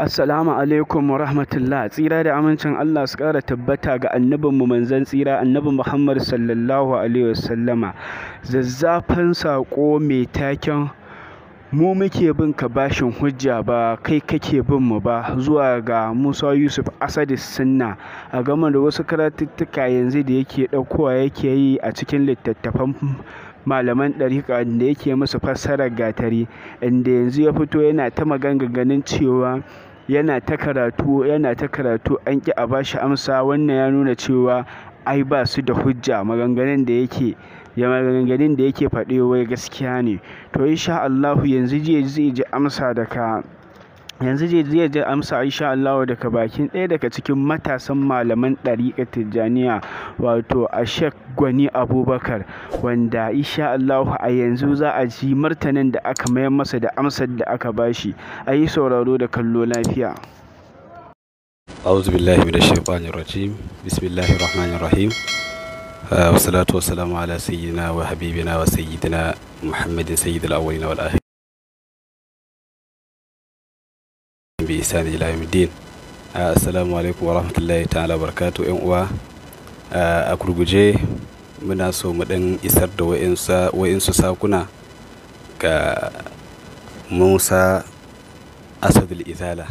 Assalamu alaikum wa rahmatullah tsira da amincin Allah su kara tabbata ga annabinmu manzan tsira annabin Muhammad sallallahu alaihi wasallama zazzafan saƙo mai taken mu muke bin ka bashin hujja ba kai kake bin mu ba zuwa ga Musa Yusuf Asadi Sunna a gama da wasu karatuttuka yanzu da yake ɗaukowa yake yi a cikin littattafan malaman ɗariƙa da yake musu fassarar gatari inda yanzu ya fito yana ta maganganun cewa yana ta karatu yana ta karatu an ki a bashi amsa wannan ya nuna cewa ai ba su da hujja maganganun da yake ya maganganun da yake gaskiya ne to insha Allahu yanzu zai ji amsa da ka. yanzu zai je amsa insha Allah daga bakin ɗaya daga cikin matasan malaman ɗariƙar Tijjaniya wato a Gwani Abubakar wanda insha Allah a yanzu za a ji martanin da aka mayar masa da amsar da aka bashi a yi sauraro da kallo lafiya. أعوذ بالله من الشيطان bi isani ila yamidin ah, assalamu alaikum rahmatullahi ta'ala barakatu yan uwa ah, a kurguje muna so mu dan isar da wayansu sakuna ga Musa Asadul Izala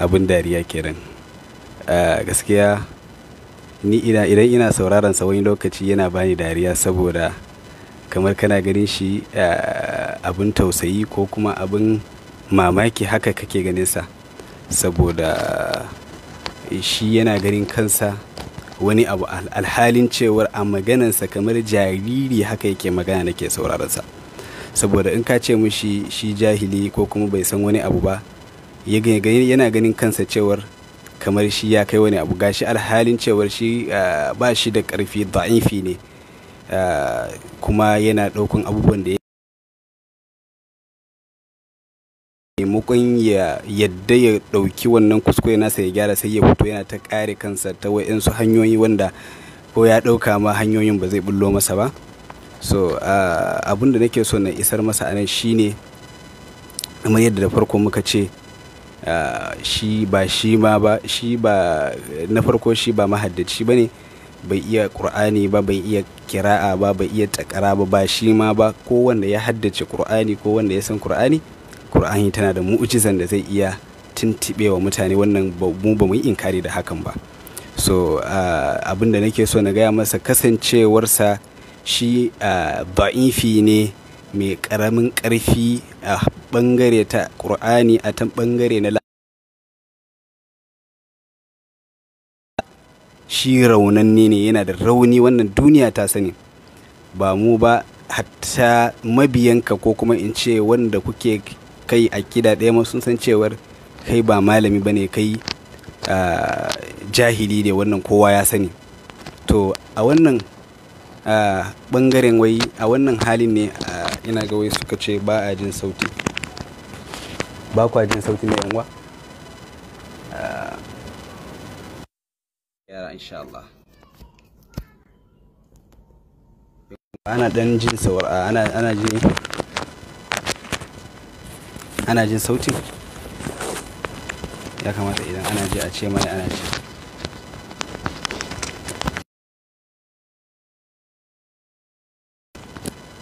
abin dariya kenan ah, gaskiya ni ina idan ina sauraron sa wani lokaci yana bani dariya saboda kamar kana ganin shi abin tausayi ko kuma abin mamaki haka kake ganin sa saboda shi yana ganin kansa wani abu alhalin cewar a maganansa kamar jariri haka yake magana nake sauraronsa saboda in ka ce mushi shi jahili ko kuma bai san wani abu ba yana ganin kansa cewar kamar shi ya kai wani abu gashi alhalin cewar shi ah, ba shi da ƙarfi da'ifi ne ah, kuma yana ɗaukan abubuwan da taimakon ya yadda ya ɗauki wannan kuskure nasa ya gyara sai ya fito yana ta kare kansa ta wa'insu hanyoyi wanda ko ya ɗauka ma hanyoyin ba zai bullo masa ba so da nake so na isar masa anan shine kamar yadda da farko muka ce shi ba shi ma ba shi ba na farko shi ba mahaddaci ba ne bai iya ƙur'ani ba bai iya kira'a ba bai iya takara ba ba shi ma ba ko wanda ya haddace qur'ani ko wanda ya san qur'ani alkur'ani tana da mu'ujizan da zai iya tuntuɓe wa mutane wannan mu ba mu yi inkari da hakan ba so uh, abin da nake so na gaya masa kasancewarsa shi uh, ba'ifi ne mai ƙaramin karfi a ɓangare ta qur'ani a tan ɓangare na shi raunanne ne yana da rauni wannan duniya ta sani ba mu ba hatta mabiyanka ko kuma in ce wanda kuke kai a kida ɗaya ma sun san cewar kai ba malami bane kai jahili ne wannan kowa ya sani to a wannan bangaren wai a wannan halin ne ina ga wai suka ce ba a jin sauti ba kwa jin sauti ne yanwa yara insha Allah ana dan jin saura ana jin ana jin sautin ya kamata idan ana ji a ce mai ana ji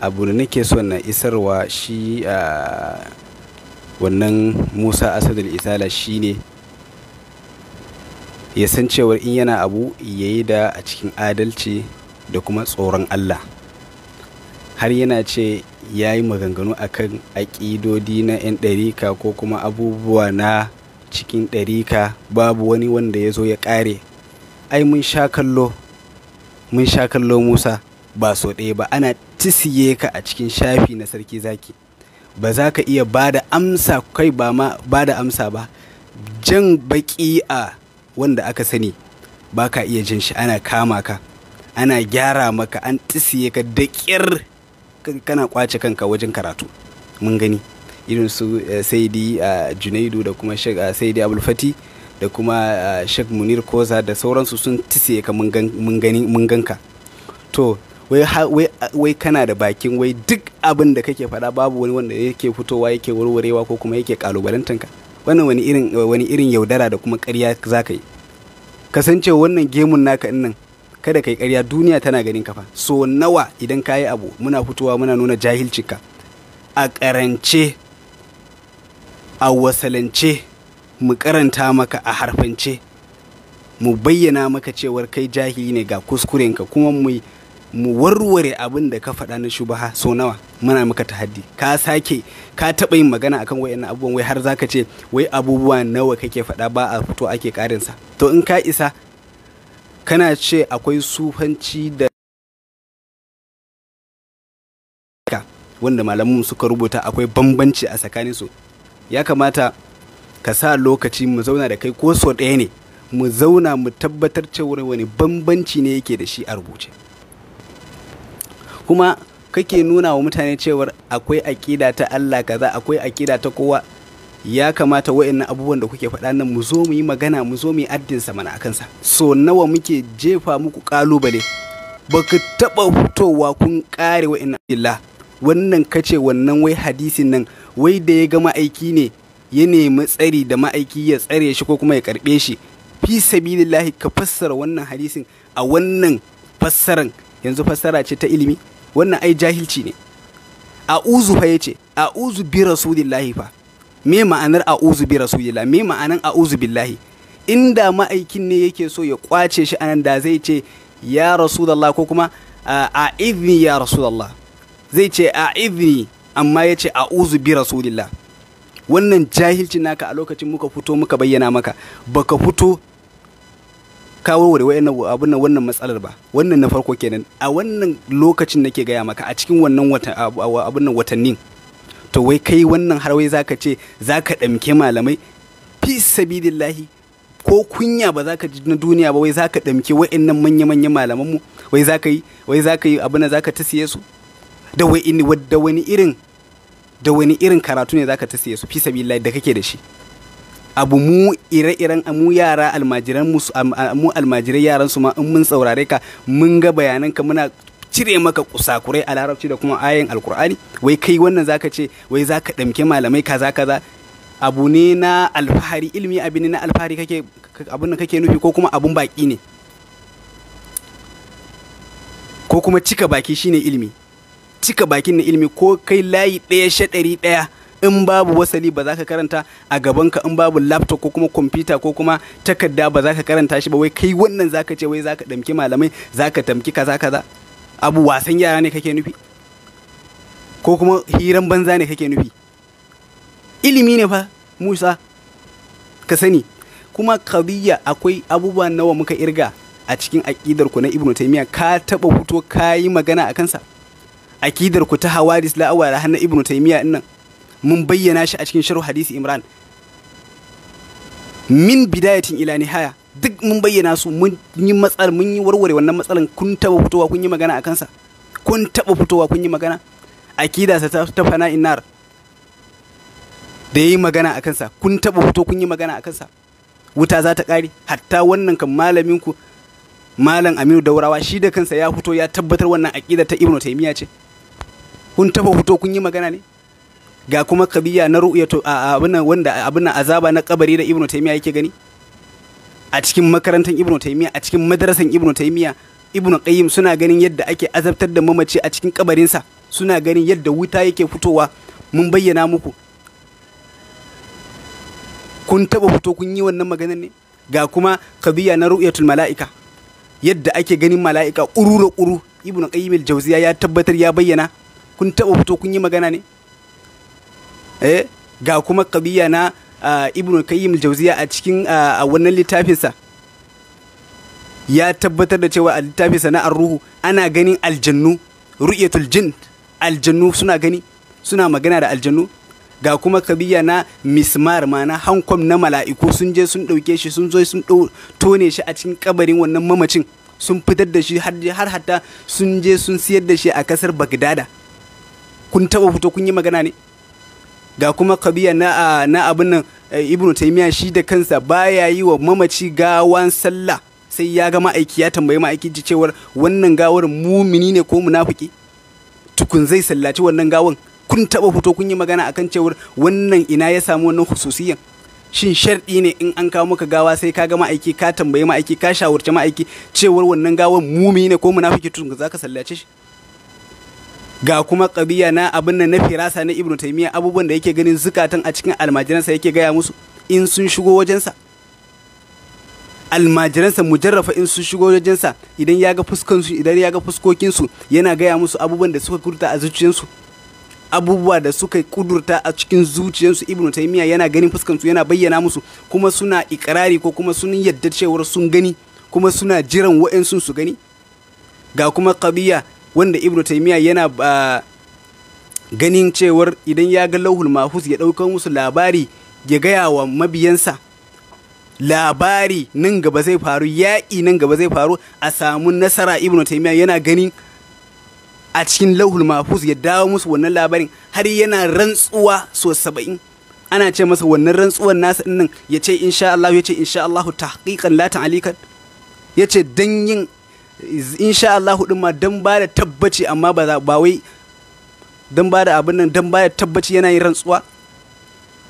abu da nake son na isarwa shi a wannan musa asadul isala shi ne ya san cewar in yana abu ya yi da a cikin adalci da kuma tsoron allah har yana ce ya yi maganganu akan aƙidodi na 'yan ɗarika ko kuma abubuwa na cikin ɗarika babu wani wanda ya zo ya ƙare ai mun sha kallo mun sha kallo musa ba so ɗaya ba ana tisiye ka a cikin shafi na sarki zaki ba za ka iya ba da amsa kai ba ma ba da amsa ba jan baƙi a wanda aka sani ba ka iya jin shi ana kama ka ana gyara maka an tisiye ka da kana kwace kanka wajen karatu mun gani irin su eh, saidi eh, junaidu da kuma eh, saidi abulfati da kuma shek munir koza da sauransu sun tise ka mun ganka to wai kana da bakin wai duk abin da kake faɗa babu wani wanda yake fitowa yake warwarewa ko kuma yake kalubalantanka wannan wani irin yaudara da kuma ƙarya zaka yi kasancewa wannan gemun naka nan kada kai ƙarya duniya tana ganin kafa so nawa idan kayi abu muna fitowa muna nuna jahilcinka a karance a wasalance mu karanta maka a harfance mu bayyana maka cewar kai jahili ne ga kuskuren ka kuma mu mu warware abin da ka faɗa na shubaha so nawa muna maka tahaddi ka sake ka taɓa yin magana akan wayannan abubuwan wai har zaka ce wai abubuwa nawa kake faɗa ba a fito ake karinsa to in ka isa kana ce akwai sufanci da wanda malamu suka rubuta akwai bambanci a tsakanin su ya kamata ka sa lokaci mu zauna da kai ko so ɗaya ne mu zauna mu tabbatar cewa wani bambanci ne yake da shi a rubuce kuma kake nuna wa mutane cewar akwai aƙida ta Allah kaza akwai aƙida ta kowa ya kamata wa'annan abubuwan da kuke faɗa nan mu zo mu yi magana mu zo mu yi addin sa mana sa so nawa muke jefa muku kalubale baka taba hutowa kun kare wa'annan illa wannan kace wannan wai hadisin nan wai da ya ga ma'aiki ne ya nemi tsari da ma'aiki ya tsare shi ko kuma ya karbe shi fi sabilillahi ka fassara wannan hadisin a wannan fassaran yanzu fassara ce ta ilimi wannan ai jahilci ne a uzu fa yace a uzu bi rasulillahi fa me ma'anar a'uzu bi rasulillah me ma'anar a'uzu billahi inda ma'aikin ne yake so ya kwace shi anan da zai ce ya rasulullah ko kuma a idni ya rasulullah zai ce a idni amma ya ce a'uzu bi rasulillah wannan jahilci naka a lokacin muka fito muka bayyana maka baka fito kawo da wayannan wannan matsalar ba wannan na farko kenan a wannan lokacin nake gaya maka a cikin wannan watannin to wai kai wannan har wai zaka ce zaka ɗamke malamai fi sabidillahi ko kunya ba za ka ji na duniya ba wai za ka ɗamke wa'annan manya-manyan mu wai za ka yi wai za ka yi abin da za ka su da wai da wani irin da wani irin karatu ne za ka siye su fi sabidillahi da kake da shi abu mu ire-iren mu yara almajiran mu mu almajirai yaran su ma in mun saurare ka mun ga bayanan ka muna cire maka kusakurai a larabci da kuma ayin alkur'ani wai kai wannan zaka ce wai zaka ɗamke malamai kaza kaza abu ne na alfahari ilimi abu ne na alfahari kake abin da kake nufi ko kuma abun baki ne ko kuma cika baki shine ilimi cika bakin na ilimi ko kai layi ɗaya shaɗari ɗaya in babu wasali ba za ka karanta a gabanka in babu laptop ko kuma kwamfuta ko kuma takarda ba za ka karanta shi ba wai kai wannan za ka ce wai za ka ɗamki malamai za ka tamki kaza kaza abu wasan yara ne kake nufi ko kuma hiran banza ne kake nufi ilimi ne fa musa ka sani kuma kabiya akwai abubuwa nawa muka irga a cikin aƙidar ku na ibnu taimiyya ka taba fito ka yi magana a kansa aƙidar ku ta hawadis la'awa da hannun ibnu taimiyya nan mun bayyana shi a cikin sharh hadisi imran min bidayatin ila nihaya duk mun bayyana su mun yi matsalar mun yi warware wannan matsalar kun taba fitowa kun yi magana a kansa kun taba fitowa kun yi magana akida sa ta fana inar da yi magana a kansa kun taba fito kun yi magana a kansa wuta za ta kare hatta wannan kan malamin ku malam Aminu Daurawa shi da kansa ya fito ya tabbatar wannan akida ta Ibn Taymiyyah ce kun taba fito kun yi magana ne ga kuma kabiya na ru'yatu abin wanda abin azaba na kabari da Ibn Taymiyyah yake gani a cikin makarantar ibnu taimiya a cikin madrasan ibnu taimiya ibnu qayyim suna ganin yadda ake azabtar da mamaci a cikin kabarinsa suna ganin yadda wuta yake fitowa mun bayyana muku kun taba fito kun yi wannan maganar ne ga kuma kabiya na ru'yatul mala'ika yadda ake ganin mala'ika urura uru ibnu qayyim al-jawziya ya tabbatar ya bayyana kun taba fito kun yi magana ne eh ga kuma kabiya na Uh, ibn kayyim jauziya a cikin uh, wannan littafinsa ya tabbatar da cewa a littafinsa na ruhu ana ganin aljannu ru'yatul jin aljannu suna gani suna magana da aljannu ga kuma kabiya na mismar mana hankom na mala'iku sun je sun ɗauke shi sun zo sun tone shi a cikin kabarin wannan mamacin sun fitar da shi har hatta sun je sun siyar da shi a kasar bagdada kun taɓa fito kun yi magana ne ga kuma kabiya na na abin nan eh, ibnu taymiya shi da kansa baya yi wa mamaci gawan sallah sai ya ga ma'aiki ya tambayi ma'aiki cewar wannan gawar mumini ne ko munafiki tukun zai sallaci wannan gawan kun taba fito kun yi magana akan cewar wannan ina ya samu wannan hususiyan shin sharɗi ne in an kawo maka gawa sai ka ga ma'aiki ka tambayi ma'aiki ka shawarci ma'aiki cewar wannan gawan mumini ne ko munafiki tukun zaka sallace shi ga kuma kabiya na abin nan na firasa na ibnu taimiya abubuwan da yake ganin zukatan a cikin almajiransa yake gaya musu in sun shigo wajensa almajiransa mujarrafa in sun shigo wajensa idan ya ga fuskansu idan ya ga fuskokinsu yana gaya musu abubuwan da suka kurta a zuciyarsu abubuwa da suka kudurta a cikin zuciyarsu ibn taimiya yana ganin fuskansu yana bayyana musu kuma suna ikirari ko kuma sun yadda cewar sun gani kuma suna jiran wa'ansu su gani ga kuma kabiya wanda ibnu taimiya yana ganin cewar idan ya ga lauhul mahus ya ɗauka musu labari ya gaya wa mabiyansa labari nan gaba zai faru yaƙi nan gaba zai faru a samu nasara ibnu taimiya yana ganin a cikin lauhul mahus ya dawo musu wannan labarin har yana rantsuwa so saba'in ana ce masa wannan rantsuwan nasa ɗin nan ya ce insha Allah ya ce insha Allah tahqiqan la ya ce dan yin insha Allah ma don ba da tabbaci amma ba ba wai don ba da abin nan ba da tabbaci yana yi rantsuwa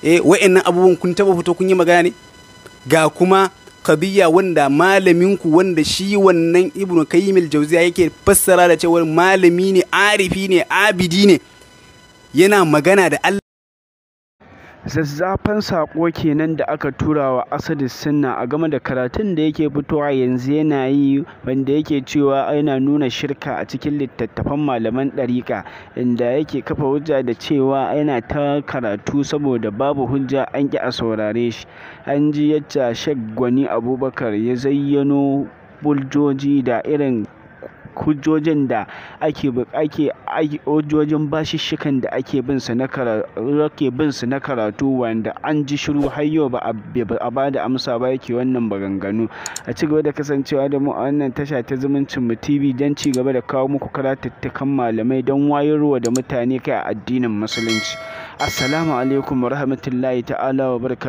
eh nan abubuwan kun taba fito kun yi magana ne ga kuma kabiya wanda malaminku wanda shi wannan ibnu kayyimil jauziya yake fassara da cewa malami ne arifi ne abidi ne yana magana da Allah Zazzafan saƙo kenan da aka tura wa asadi Sunna a game da karatun da yake fitowa yanzu yana yi wanda yake cewa yana nuna shirka a cikin littattafan malaman ɗariƙa inda yake kafa hujja da cewa yana ta karatu saboda babu hujja an ƙi a saurare shi. An ji yadda shek Gwani Abubakar ya zayyano buljoji da irin hujjojin da ake ake hujjojin bashishikan da ake bin su na karatu ake bin su na karatu wanda an ji shiru har yau ba a ba da amsa ba yake wannan maganganu a ci gaba da kasancewa da mu a wannan tasha ta zumuncin mu TV don ci gaba da kawo muku karatattakan malamai don wayarwa da mutane kai a addinin musulunci assalamu alaikum wa rahmatullahi ta'ala wa